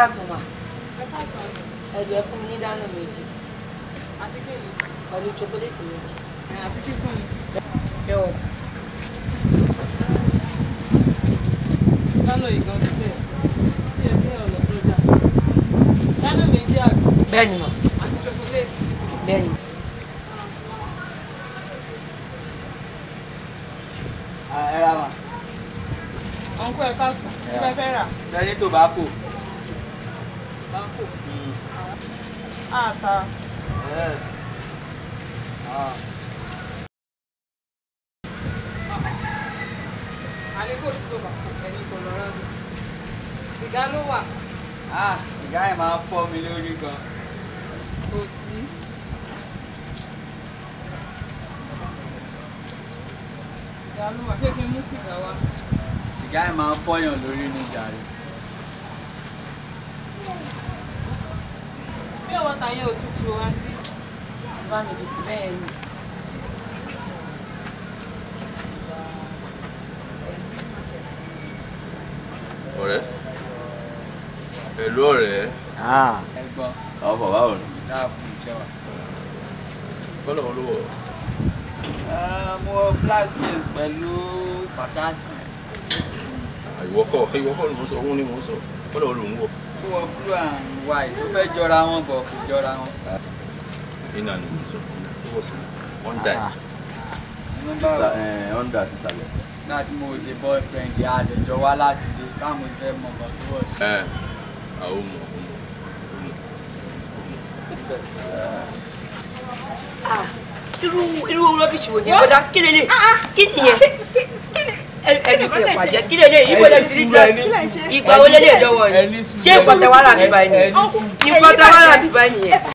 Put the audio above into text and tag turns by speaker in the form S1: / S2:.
S1: ká sùn mà. ẹ ká sùn àti. ẹ̀dùn ẹ fún mi ní dáná méjì. àti kí ni. pẹ̀lú chocolate méjì. àti kí sùn ni. ẹ ọ̀. dáná ìgbọ̀n pípẹ́ kí ẹ bí ọ̀nà sójà. dáná méjì àgbà. bẹ́ẹ̀ni mà. àti chocolate. bẹ́ẹ̀ni. ẹ ra mà. ọ̀nkú ẹ ká sùn kí lẹ fẹ́ rà. tó bá kù báńkò. àtà. ah. alẹ́ kò ṣùgbọ́n bàbá ẹni kò lọ rán ah sìgá yẹn máa fọ́ mi lórí gan. kò sí. sìgá ló wà ṣé kí n mú sìgá bàtà yẹn ò tutù o àǹtí bá mi fi sí bẹ́ẹ̀ ni. ọ̀rẹ́ pẹ̀lú ọ̀rẹ́ ah. ẹ̀gbọ́n ọ̀pọ̀ báwo ni. dáàbò ìjẹun. bọ́lá wọn ló wọ̀ ah, mo black jeans pẹ̀lú pàtàkì. ìwọ́kọ̀ ìwọ́kọ̀ ló ń sọ òun ni mò ń sọ bọ́lá wọn ló ń wọ̀ kó wọ blue and white ó fẹ́ jọra wọn bọ̀ kò jọra wọn. iná ni mo sọ ó wọ sí ọ̀ndà ẹ̀ ọ̀ndà ti sàlẹ̀. nígbà tí mo ṣe boyfriend yà á dẹjọ wá láti dé báwo ni fẹ́ mọ̀ nǹkan tó wọ̀ sí. ẹ eh, àwọn ọmọ ọmọ ọmọ. Ah, irú irú rọ́bìṣì wo ni bọ́dá kí lélẹ̀ ah, ah. kí nìyẹn ẹbí tí ẹ pàjẹ́ kí lélẹ̀ yìí wọlé sí níjọ́ ìgbà wọlé lè jọwọ́ yìí ṣé nǹkan tẹ wá rà mí báyìí nǹkan tẹ wá rà báyìí yẹn.